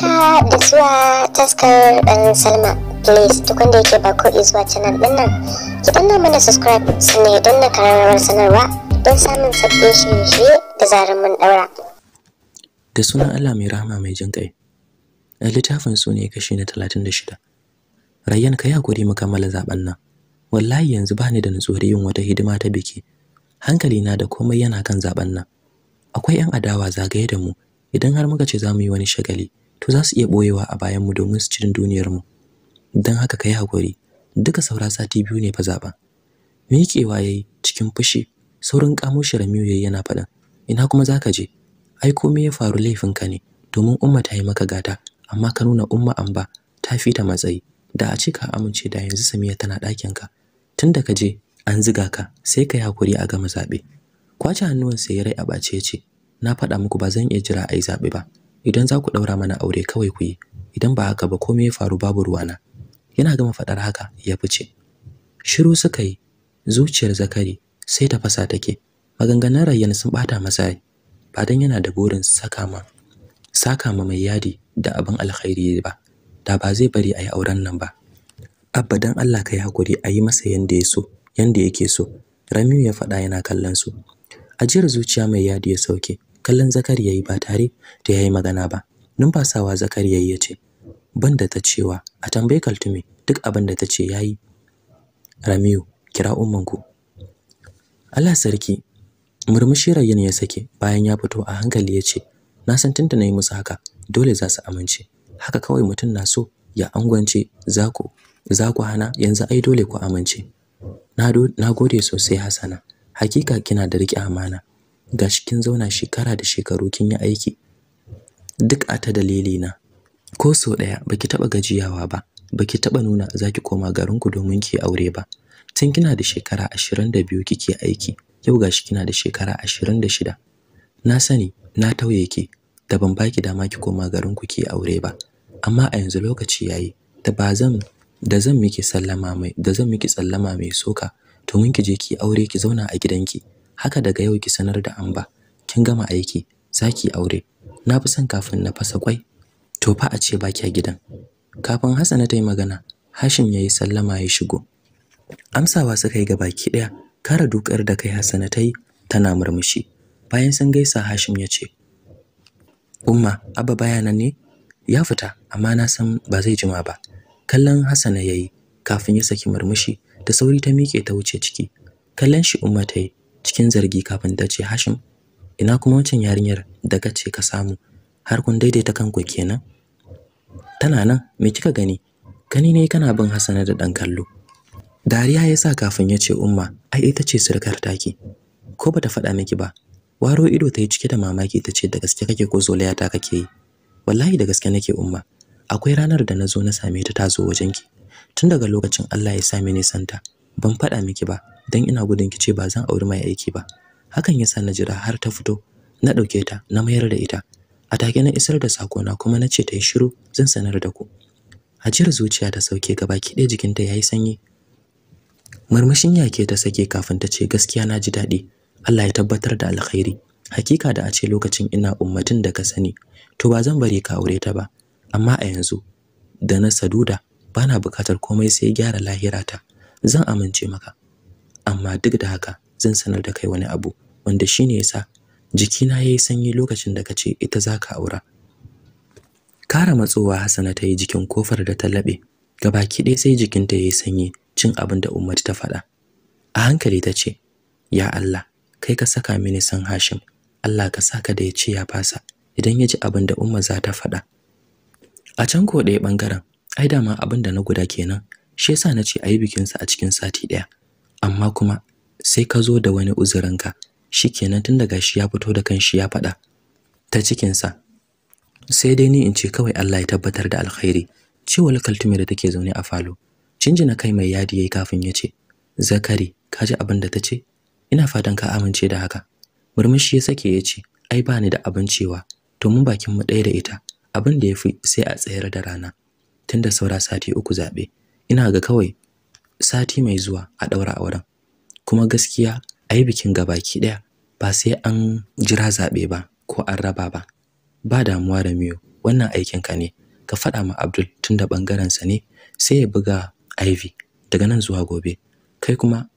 haka da zuwa taskar dan salma please duk wanda yake ba ko zuwa canal din nan ki danna mana subscribe sannan ya danna karamar sanarwa don samun sabbin shirye-shirye da zarar mun daura da sunan Allah mai rahama mai jin kai a littafin su ne kashi na talatin shida. rayyan ka ya gode mu kammala zaben nan wallahi yanzu ba ni da nutsuwar yin wata hidima ta biki hankali na da komai yana kan zaben nan akwai yan adawa zagaye da mu idan har muka ce za mu yi wani shagali to za su iya ɓoyewa a bayan mu domin su cirin duniyar mu dan haka kai hakuri duka saura sati biyu ne fa zaba miƙewa yayi cikin fushi saurin kamo shi ya yayi yana faɗa ina kuma zaka je ai komai ya faru laifinka ne domin umma ta yi maka gata amma ka nuna umma amba ta fita matsayi da a ce ka amince da yanzu Samiya tana ɗakin ka tunda ka je an ziga ka sai ka yi hakuri a gama zabe kwace hannuwansa ya rai a ya ce na faɗa muku ba zan iya jira a yi zaɓe ba idan za ku ɗaura mana aure kawai ku yi idan ba haka ba komai ya faru babu ruwana yana gama faɗar haka ya fice shiru suka yi zuciyar zakari sai ta fasa take maganganun rayyan sun bata masa yi ba dan yana da burin saka ma saka ma mai yadi da abin alkhairi ba da ba zai bari a yi auren nan ba abba dan Allah kai hakuri a yi masa yanda ya so yanda yake so Ramiu ya faɗa yana kallon su ajiyar zuciya mai yadi ya sauke kallon zakar yayi ba tare da yayi magana ba numfasawa zakar yayi yace ce. Banda ta cewa a tambayi kaltume duk abin da ta ce yayi ramiyu kira ummanku Allah sarki murmushi rayyan ya sake bayan ya fito a hankali yace na san tunda nayi musu haka dole za su amince haka kawai mutum na so ya angwance zako zaku hana yanzu ai dole ku amince na gode sosai hasana hakika kina da riƙe amana gashi kin zauna shekara da shekaru kin yi aiki duk a ta dalili na ko so daya baki taba gajiyawa ba baki taba nuna zaki koma garin ku domin ki aure ba tun kina da shekara 22 kike aiki yau gashi kina da shekara 26 na sani na tauye ki da ban baki dama ki koma garin ku ki aure ba amma a yanzu lokaci yayi da ba zan da zan miki sallama mai da zan miki sallama mai soka to mun ki je ki aure ki zauna a gidanki haka daga yau ki sanar da Amba kin gama aiki zaki aure na fi son kafin na fasa kwai to fa a ce ba kya gidan kafin Hassana ta yi magana Hashim ya yi sallama ya shigo amsawa suka yi gabaki daya kara dukar da kai Hassana ta yi tana murmushi bayan sun gaisa Hashim ya ce Umma abba baya nan ne ya fita amma na san ba zai jima ba kallon Hassana yayi kafin ya saki murmushi da sauri ta miƙe ta wuce ciki kallon shi Umma ta yi cikin zargi kafin ta ce Hashim ina kuma wancan yarinyar da kace ka samu har kun daidaita kanku kenan tana nan me kika gani gani ne kana bin Hassana da dan kallo dariya ya sa kafin ya ce umma ai ita ce surkar taki ko bata faɗa miki ba waro ido ta yi cike da mamaki ta ce da gaske kake ko zolaya ta kake yi wallahi da gaske nake umma akwai ranar da na zo na same ta tazo zo wajenki tun daga lokacin Allah ya sa ni santa ban faɗa miki ba dan ina gudun kice ba zan auri mai aiki ba hakan yasa na jira har ta fito na dauke ta na mayar da ita a take na isar da sakona kuma na ce ta yi shiru zan sanar da ku ajiyar zuciya ta sauke gabaki ɗaya jikinta yayi sanyi murmushin yake ta sake kafin ta ce gaskiya na ji daɗi Allah ya tabbatar da alkhairi hakika da a ce lokacin ina ummatin da ka sani to ba zan bari ka aure ta ba amma a yanzu da na saduda bana bukatar komai sai gyara lahirata zan amince maka amma duk da haka zan sanar da kai wani abu wanda shi shine yasa jikina yayi sanyi lokacin da ka ce ita za ka aura kara matsowa Hassana ta yi jikin kofar da ta labe gabaki ɗaya sai jikinta yi sanyi cin abin da umar ta faɗa a hankali ta ce ya Allah kai ka saka mini san Hashim Allah ka saka da ya ce ya fasa idan ya ji abin da umar za ta faɗa a can ko ɗaya ɓangaren, ai dama abin da na guda kenan shi yasa na ce a yi bikinsa a cikin sati ɗaya amma kuma sai ka zo da wani uzurinka shikenan tun daga shi ya fito da kanshi ya faɗa ta cikinsa sai dai ni in ce kawai Allah ya tabbatar da alkhairi cewa kaltume da take zaune a falo na kai mai yadi yayi kafin ya ce zakari ka ji abin da ta ce ina fatan ka amince da haka murmushi ya sake ya ce ai ba ni da abin cewa to mun bakin mu ɗaya da ita abin da ya fi sai a tsayar da rana tunda saura sati uku zaɓe ina ga kawai sati mai zuwa a ɗaura auren kuma gaskiya a yi bikin gabaki ɗaya ba sai an jira zaɓe ba ko an raba ba ba damuwa da miyo wannan aikinka ne ka faɗa ma abdul tun da ɓangarensa ne sai ya buga ivy daga nan zuwa gobe kai kuma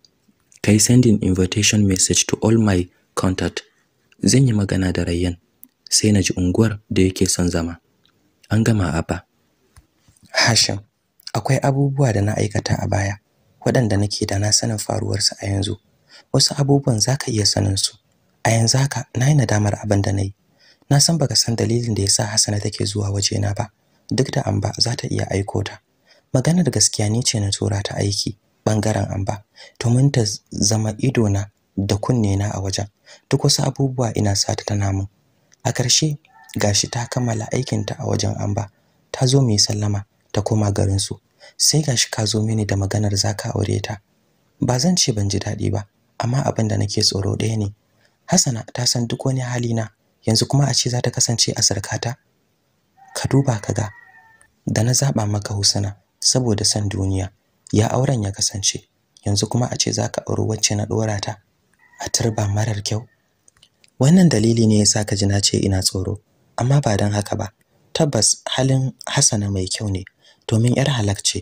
ka yi sending invitation message to all my contact zan yi magana da rayyan sai na ji unguwar da yake son zama an gama a ba hashin akwai abubuwa da na aikata a baya waɗanda nake da na sanin faruwarsu a yanzu wasu abubuwan za ka iya sanin su a yanzu haka na yi nadamar abin da na yi na san baka san dalilin da ya sa hassana take zuwa wajena ba duk da amba za ta iya aiko ta maganar gaskiya ni ce na tura ta aiki bangaren amba domin ta zama idona da kunne na a wajen duk wasu abubuwa ina sa ta tana min a ƙarshe gashi ta kammala aikinta a wajen amba ta zo mai sallama ta koma garinsu sai gashi ka zo mini da maganar zaka aure ta ba zan ce ban ji daɗi ba amma abin da nake tsoro ɗaya ne Hassana ta san duk wani hali na yanzu kuma a ce za ta kasance a sarkata ka duba ka ga da na zaɓa maka husuna, saboda san duniya ya auren ya kasance yanzu kuma a ce za ka auri wacce na dora ta a turba marar kyau wannan dalili ne yasa ka ji na ce ina tsoro amma ba dan haka ba tabbas halin Hassana mai kyau ne domin yar halak ce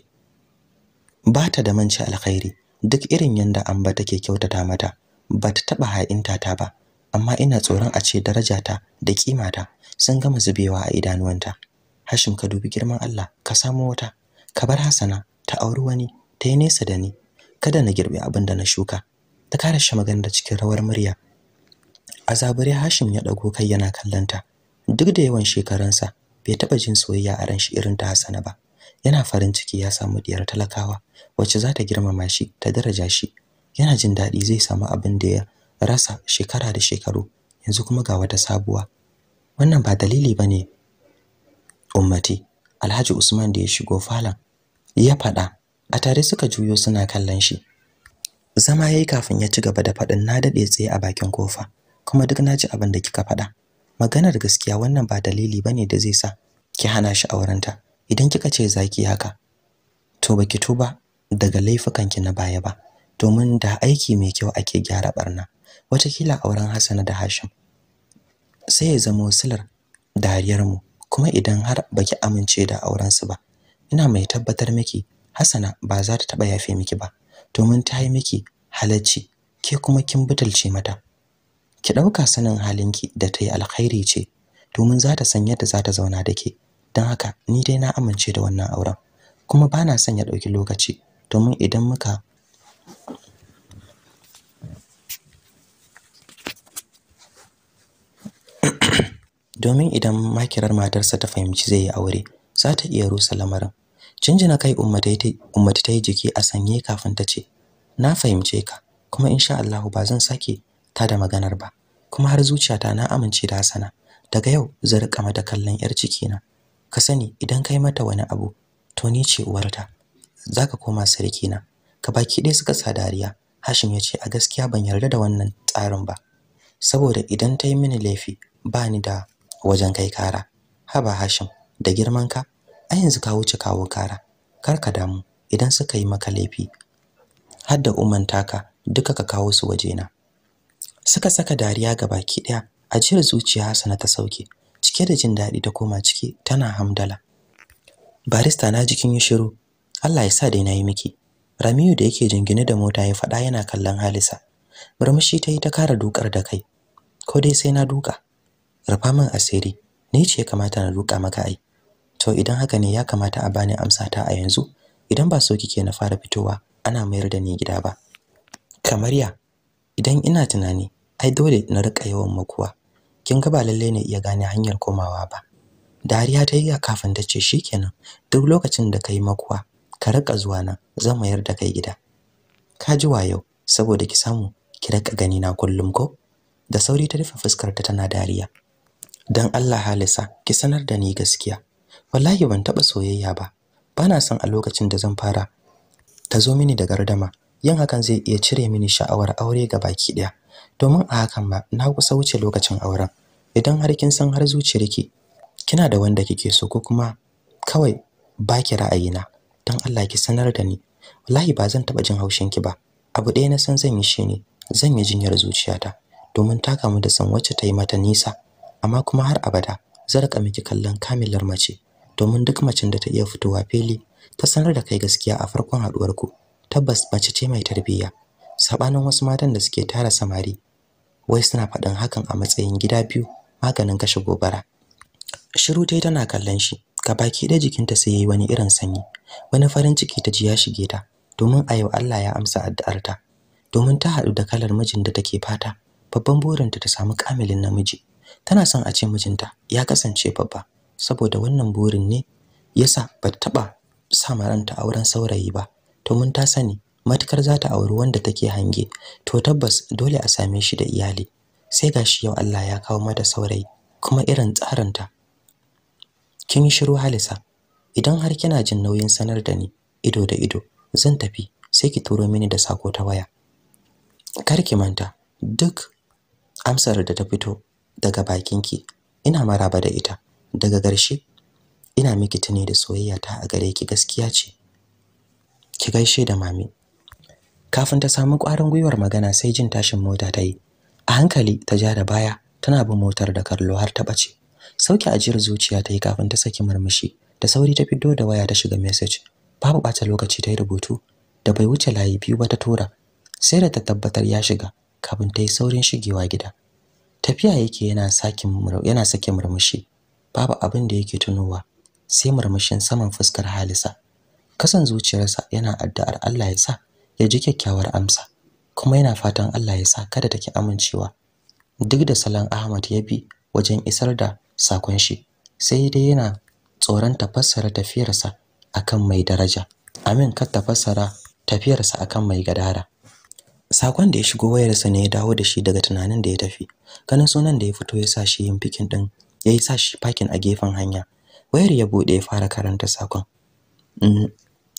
ba ta da manci alkhairi duk irin yanda amba take kyautata mata ba ta taba ha'inta ta ba amma ina tsoron a ce darajata da ƙimata sun gama zubewa a idanuwanta Hashim ka dubi girman Allah ka samo wata ka bar Hassana. ta auri wani ta yi nesa da ni kada na girbe abin da na shuka ta kare shi magana da cikin rawar murya azabure Hashim ya dago kai yana kallanta duk da yawan shekarunsa bai taɓa jin soyayya a ran shi irin ta Hassana ba yana farin ciki ya samu diyar talakawa wacce za ta girmama shi ta daraja shi yana jin daɗi zai samu abin da ya rasa shekara da shekaru yanzu kuma ga wata sabuwa wannan ba dalili ba ne ummati alhaji usman da ya shigo falon ya faɗa a tare suka juyo suna kallon shi zama ya yi kafin ya ci gaba da faɗin na daɗe tsaye a bakin kofa kuma duk na ji abin da kika faɗa maganar gaskiya wannan ba dalili ba ne da zai sa ki hana shi a aurenta idan kika ce zaki haka to baki tuba daga laifukanki na baya ba domin da aiki mai kyau ake gyara barna watakila auren Hassan da Hashim sai ya zama silar dariyar mu kuma idan har baki amince da auren su ba ina mai tabbatar miki Hassana ba za ta taba yafe miki ba domin ta yi miki halacci ke kuma kin butulce mata ki dauka sanin halinki da ta yi alkhairi ce domin za ta san yadda za ta zauna da ke don haka ni dai na amince da wannan auren kuma ba na son ya ɗauki lokaci domin idan muka domin idan makirar matarsa ta fahimci zai yi aure za ta iya rusa lamarin jinjina kai ummata ta yi jiki a sanye kafin ta ce na fahimce ka kuma insha Allah ba zan sake ta da maganar ba kuma har zuciyata na amince da Hassana daga yau zan rika mata kallon yar cikina ka sani idan kai mata wani abu to ni ce uwarta zaka koma sarki na ka baki ɗaya suka sa dariya Hashim ya ce a gaskiya ban yarda da wannan tsarin ba saboda idan ta yi mini laifi ba ni da wajen kai kara haba Hashim da girman ka a yanzu ka wuce kawo kara kar ka damu idan suka yi maka laifi har da umman ka duka ka kawo su wajena suka saka dariya ga baki daya ajiyar zuciya Hassana ta sauke cike da jin daɗi ta koma ciki tana hamdala barista na jikin yi shiru Allah ya sa dai na yi miki Ramiyu da yake jingine da mota ya faɗa yana kallon Halisa murmushi ta yi ta kara dukar da kai ko dai sai na duka rufa min asiri ni ce kamata na duka maka ai to idan haka ne ya kamata a bani amsa ta a yanzu idan ba so kike na fara fitowa ana mayar da ni gida ba kamar ya idan ina tunani ai dole na rika yawan makuwa kin ga ba lalle ne iya gane hanyar komawa ba dariya ta yi kafin ta ce shikenan duk lokacin da kai makuwa ka rika zuwa nan zan mayar da kai gida ka ji yau, saboda ki samu ki rika gani na kullum ko da sauri ta rufe fuskar ta tana dariya dan Allah Halisa ki sanar da ni gaskiya wallahi ban taba soyayya ba bana son a lokacin da zan fara ta zo mini da gardama yin hakan zai iya cire mini sha'awar aure ga baki daya domin a hakan ma na kusa wuce lokacin auren idan har kin san har ki, kina da wanda kike so ko kuma kawai baki ra'ayina don Allah ki sanar da ni wallahi ba zan taba jin haushin ki ba abu ɗaya na san zan yi shine zan yi jinyar zuciyata domin ta kamu da san wacce ta yi mata nisa amma kuma har abada zarka miki kallon kamilar mace domin duk macen da ta iya fitowa fili ta sanar da kai gaskiya a farkon haduwarku tabbas mace ce mai tarbiyya sabanin wasu matan da suke tara samari wai suna faɗin hakan a matsayin gida biyu maganin kashe gobara shiru tai tana kallon shi gabaki da jikinta sai yayi wani irin sanyi wani farin ciki ta ji ya shige ta domin a yau Allah ya amsa addu'arta domin ta haɗu da kalar mijin da take fata babban burinta ta samu kamilin namiji tana son a ce mijinta ya kasance babba saboda wannan burin ne yasa ba ta taɓa sa maranta auren saurayi ba domin ta sani matukar za ta auri wanda take hange to tabbas dole a same shi da iyali sai gashi yau Allah ya kawo mata saurayi kuma irin tsarin ta. kin shiru halisa idan har kina jin nauyin sanar da ni ido da ido zan tafi sai ki turo mini da sako ta waya kar ki manta duk amsar da ta fito daga bakinki ina maraba da ita daga garshe ina miki tuni da soyayya ta a gare ki gaskiya ce ki gaishe da mami kafin ta samu ƙwarin gwiwar magana sai jin tashin mota ta yi a hankali ta ja da baya tana bin motar da karlo har ta ɓace sauke ajiyar zuciya ta yi kafin ta saki murmushi da sauri ta fiddo da waya ta shiga message babu ɓata lokaci ta yi rubutu da bai wuce layi biyu ba ta tura sai da ta tabbatar ya shiga kafin ta yi saurin shigewa gida tafiya yake yana yana sake murmushi babu abin da yake tunowa sai murmushin saman fuskar Halisa kasan zuciyarsa yana addu'ar Allah ya sa ya ji kyakkyawar amsa kuma yana fatan Allah ya sa kada take amincewa duk da salon Ahmad ya bi wajen isar da sakon shi sai dai yana tsoron tafassara tafiyarsa akan mai daraja amin kar ta fassara tafiyarsa akan mai gadara sakon da ya shigo wayarsa ne ya dawo da shi daga tunanin da ya tafi ganin sunan da ya fito ya sa shi yin fikin din ya yi sa shi fakin a gefen hanya wayar ya bude ya fara karanta sakon mm,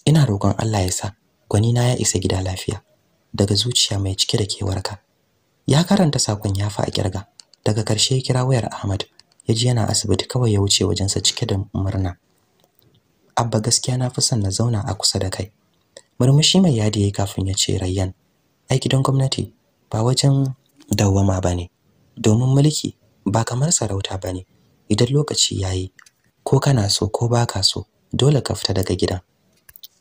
ina roƙon Allah ya sa gwani na ya isa gida lafiya daga zuciya mai cike da kewarka ya karanta sakon ya fa a kirga daga karshe ya kira wayar Ahmad ya ji yana asibiti kawai ya wuce wajensa cike da murna abba gaskiya na fi son na zauna a kusa da kai murmushi mai yadi yayi kafin ya ce Rayyan Aiki don gwamnati ba wajen dawwama bane domin mulki ba kamar sarauta ba ne. idan lokaci yayi ko kana so ko baka so dole ka fita daga gidan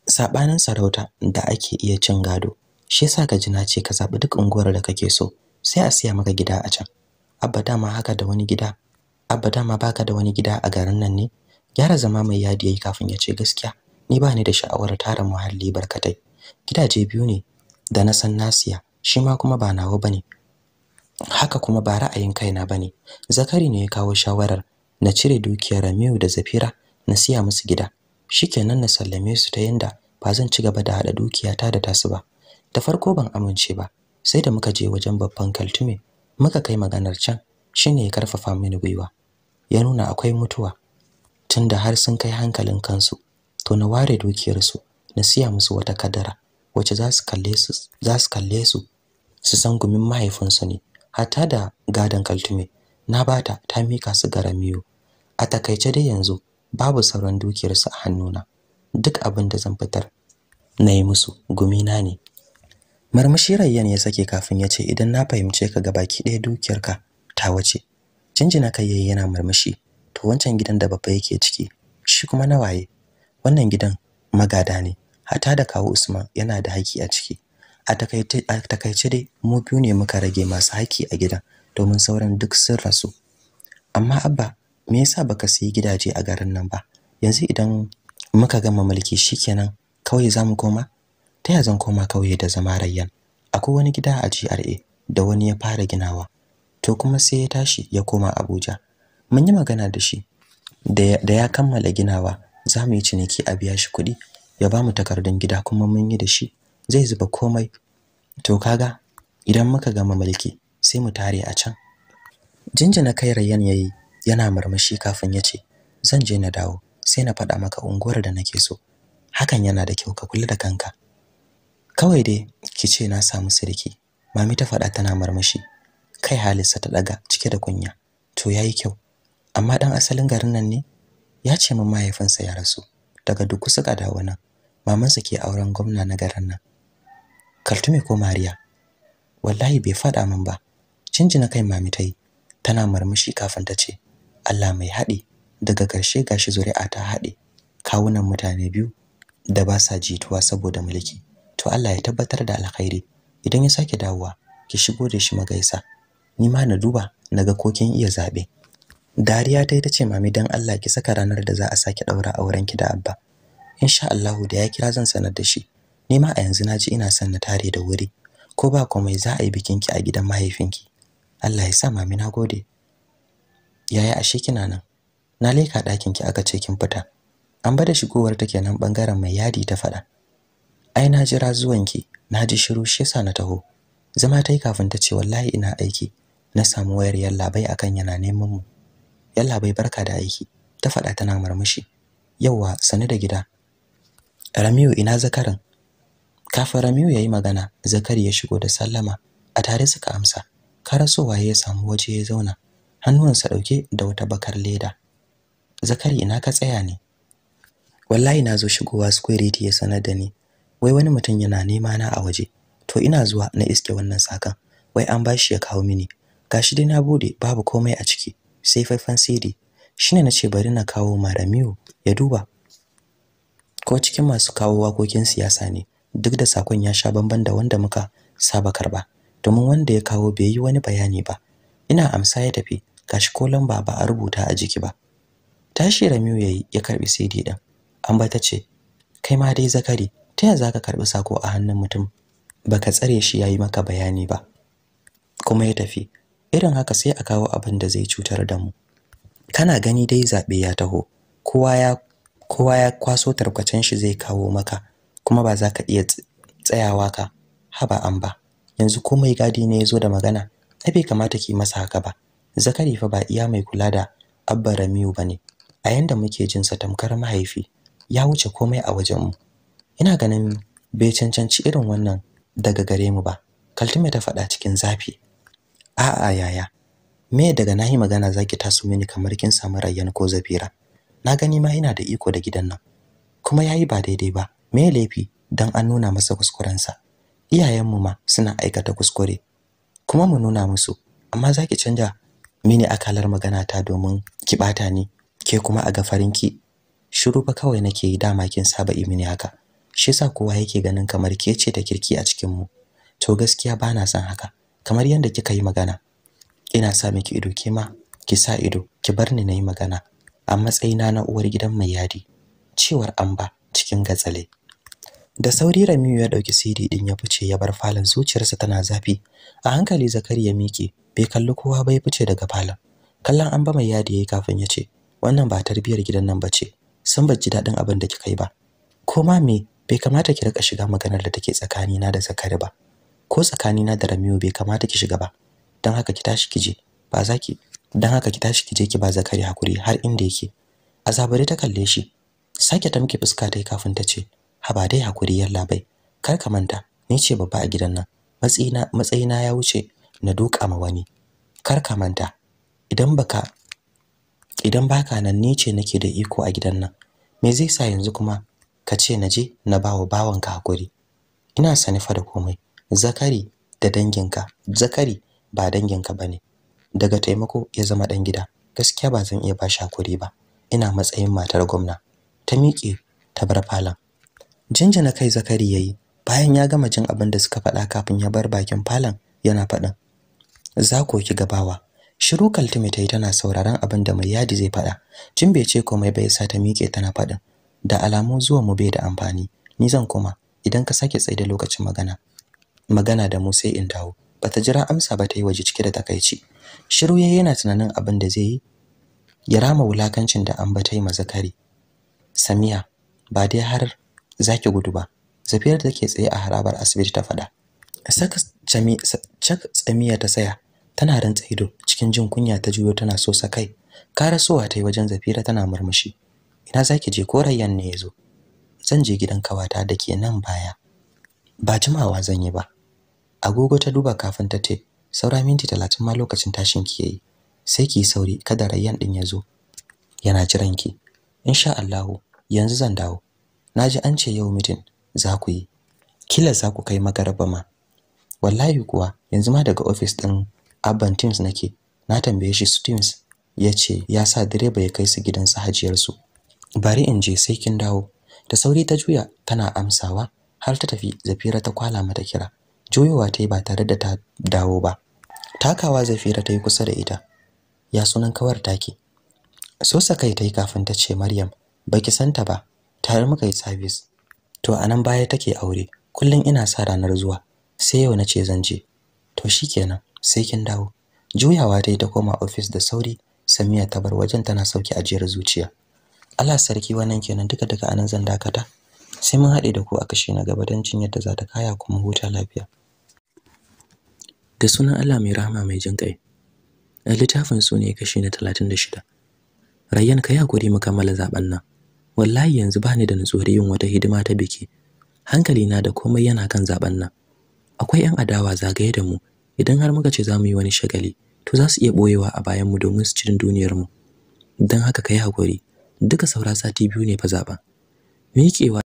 sabanin sarauta da ake iya cin gado shi yasa ka ji na ce ka zabi duk unguwar da kake so sai a siya maka gida a can abba ma haka da wani gida abba ma baka da wani gida a garin nan ne gyara zama mai yadi yayi kafin ya ce gaskiya ni ba ni da sha'awar tara muhalli barkatai gidaje biyu ne da na san nasiya shi ma kuma ba nawa bane haka kuma ba ra'ayin kaina bane zakari ne ya kawo shawarar na cire dukiyar Ramiu da Zafira na siya musu gida shikenan na sallame su ta yanda ba zan ci gaba da hada dukiyata da tasu ba da farko ban amince ba sai da muka je wajen babban kaltume muka kai maganar can shine ya karfafa mini gwiwa ya nuna akwai mutuwa tunda har sun kai hankalin kansu to na ware dukiyarsu na siya musu wata kadara wacce za su kalle su za su kalle su su san gumin mahaifinsu ne hatta da gadon kaltume na bata ta mika su garamiyo a takaice dai yanzu babu sauran dukiyarsu a hannuna duk abin da zan fitar na yi musu gumina ne marmashi rayyan ya sake kafin ya ce idan na fahimce ka baki ɗaya dukiyarka ta wace jinjina kai yayi yana marmashi to wancan gidan da babba yake ciki shi kuma na waye wannan gidan magada ne hata da kawo usman yana da haki a ciki a takaice dai mu biyu ne muka rage masu haki a gidan domin sauran duk sun rasu amma abba me yasa baka sayi gidaje a garin nan ba yanzu idan muka gama mulki shikenan kauye zamu koma ta ya zan koma kauye da zama rayyan akwai wani gida a GRA da wani ya fara ginawa to kuma sai ya tashi ya koma Abuja mun yi magana da shi da ya kammala ginawa za yi ciniki a biya shi kuɗi ya bamu takardun gida kuma mun yi da shi zai zuba komai to kaga idan muka gama mulki sai mu tare a can jinjina kai rayyan yayi yana murmushi kafin ya ce zan je na dawo sai na faɗa maka unguwar da nake so hakan yana da kyau ka kula da kanka kawai dai ki ce na samu sirki mami ta faɗa tana murmushi kai halisa ta ɗaga, cike da kunya to yayi kyau amma dan asalin garin nan ne ya ce min mahaifinsa ya rasu daga duk kusa ka dawo nan mamansa ke auren gwamna na garin nan kaltume ko mariya wallahi bai faɗa min ba na kai mami ta yi. tana murmushi kafin ta ce Allah mai haɗi daga ƙarshe shi zuri'a ta haɗe kawunan mutane biyu da ba sa jituwa saboda mulki to Allah ya tabbatar da alkhairi idan ya sake dawowa ki shigo da shi magaisa ni ma na duba naga ko kin iya zabe Dariya ta ita ce mami dan Allah ki saka ranar da za a sake daura auren ki da Abba insha Allah da ya kira zan sanar da shi ni ma a yanzu na ji ina son na tare da wuri ko ba komai za a yi bikin ki a gidan mahaifinki Allah ya sa mami na gode yaya ashe kina nan na leka ɗakin ki aka ce kin fita an bada shigowar ta kenan bangaren mai yadi ta faɗa ai na jira zuwan ki na ji shiru shi yasa na taho zama tai kafin ta ce wallahi ina aiki na samu wayar yallabai akan yana neman mu yallabai barka da aiki ta faɗa tana murmushi yauwa sani da gida Ramiu ina zakarin kafin Ramiu yayi magana zakari ya shigo da sallama a tare suka amsa karasowa ya samu waje ya zauna hannuwansa dauke da wata bakar leda zakari ina ka tsaya ne wallahi na zo shigowa square ya sanar da ni wai wani mutum yana nema na a waje to ina zuwa na iske wannan sakan wai an bashi ya kawo mini gashi dai na bude babu komai a ciki sai faifan CD shine ce bari na kawo Maramiu ya duba ko cikin masu kawo wakokin siyasa ne duk da sakon ya sha bamban da wanda muka saba karba domin wanda ya kawo bai yi wani bayani ba ina amsa ya tafi gashi ko lamba ba a rubuta a jiki ba tashi Ramiu yayi ya karbi CD din Amba ta ce kai ma dai zakari ta ya zaka karbi sako a hannun mutum baka tsare shi yayi maka bayani ba kuma ya tafi irin haka sai a kawo abin da zai cutar da mu kana gani dai zabe ya taho kowa ya kowa ya kwaso tarkwacen shi zai kawo maka kuma ba za ka iya tsayawa ka haba an ba yanzu komai gadi ne ya zo da magana ai bai kamata ki masa haka ba zakari fa ba iya mai kula da abba ramiu bane a yanda muke jin sa tamkar mahaifi ya wuce komai a wajen mu ina ganin bai cancanci irin wannan daga gare mu ba kaltume ta faɗa cikin zafi a'a yaya me daga nahi magana zaki taso mini kamar kin samu rayyan ko zafira na gani ma ina da iko da gidan nan kuma yayi ba daidai ba me laifi dan an nuna masa kuskurensa iyayenmu ma suna aikata kuskure kuma mu nuna musu amma zaki canja mini akalar magana ta domin ki bata ni ke kuma a gafarinki shiru ba kawai nake yi dama kin saba yi mini haka shi yasa kowa yake ganin kamar ke ce ta kirki a cikin mu to gaskiya bana son haka kamar yanda kika yi magana ina sa miki ido ke ma ki sa ido ki bar ni nayi magana a matsayina na uwar gidan mai yadi cewar amba cikin gatsale Da sauri Ramiyu ya ɗauki CD ɗin ya fice ya bar falon zuciyarsa tana zafi. A hankali Zakari ya miƙe, bai kalli kowa ba ya fice daga falon. Kallon an ba mai yadi yayi kafin ya ce, "Wannan ba tarbiyar gidan nan bace. San ba ji daɗin abin da kika yi ba." Ko ma me, bai kamata ki rika shiga maganar da take tsakani na da Zakari ba. Ko tsakanina da Ramiyu bai kamata ki shiga ba. Dan haka ki tashi ki je. Ba za dan haka ki tashi ki je ki ba Zakari hakuri har inda yake. Azabare ta kalle shi. Sake tamke fuska ta kafin ta ce, haba dai hakuri yallaɓai kar ka manta ni ce babba a gidan nan matsayina matsayina ya wuce na duka ma wani kar ka manta idan baka idan baka nan ni ce nake da iko a gidan nan me zai sa yanzu kuma ka ce na je na bawa bawanka hakuri ina sani fa da komai zakari da danginka zakari ba danginka bane daga taimako ya zama dan gida gaskiya ba zan iya ba shi hakuri ba ina matsayin matar gwamna ta miƙe ta bar falon jinjina kai zakari yayi bayan ya gama jin abin da suka faɗa kafin ya bar bakin falon yana faɗin za ko ki gabawa shiru kaltume tayi tana sauraron abin da mai yadi zai faɗa jin bai ce komai bai sa ta miƙe tana faɗin da alamu zuwa mu bai da amfani ni zan koma idan ka sake tsaye da lokacin magana magana da mu sai in dawo bata jira amsa ba ta yi waje cike da takaici shiru yayi yana tunanin abin da zai yi ya rama wulakancin da an batai ma zakari samiya ba dai har zaki gudu ba Zafiyar da ke tsaye a harabar asibiti ta faɗa. Saka chami chak tsamiya ta tsaya tana rantsa ido cikin jin kunya ta juyo tana so sa kai. Karasowa ta yi wajen Zafira tana murmushi. Ina zaki je ko rayyan ne yazo? Zan je gidan kawata da ke nan baya. Ba jimawa zan yi ba. Agogo ta duba kafin ta te. saura minti talatin ma lokacin tashin ki yayi. Sai ki sauri kada rayyan din ya zo. Yana jiran ki. Insha Allah, yanzu zan dawo. naji an ce yau mitin za ku yi kila za ku kai magaraba ma wallahi kuwa yanzu ma daga office din Abban Teams nake na tambaye shi su Teams ya ce ya sa direba ya kai su gidan su hajiyarsu bari in je sai kin dawo da sauri ta juya tana amsawa har ta tafi Zafira ta kwala mata kira juyowa ta yi ba tare da ta dawo ba takawa Zafira ta yi kusa da ita ya sunan kawar take so sakai ta yi kafin ta ce Maryam baki santa ba tare muka yi service to a nan baya take aure kullum ina sa ranar zuwa sai yau nace zan je to shikenan sai kin dawo juyawa ta ta koma office da sauri Samiya ta bar wajen tana sauki ajiyar zuciya Allah sarki wannan kenan duka duka anan zan dakata sai mun haɗe da ku a kashe na gaba don jin yadda za ta kaya kuma huta lafiya da sunan Allah mai rahama mai jin kai littafin su ne kashi na 36 Rayyan ka yi hakuri mu kammala zaben nan wallahi yanzu bani da nutsuwar yin wata hidima ta biki hankali na da komai yana kan zaben nan akwai yan adawa zagaye da mu idan har muka ce za mu yi wani shagali to za su iya boyewa a bayan mu domin su cirin duniyar mu don haka kai hakuri duka saura sati biyu ne fa zaben miƙewa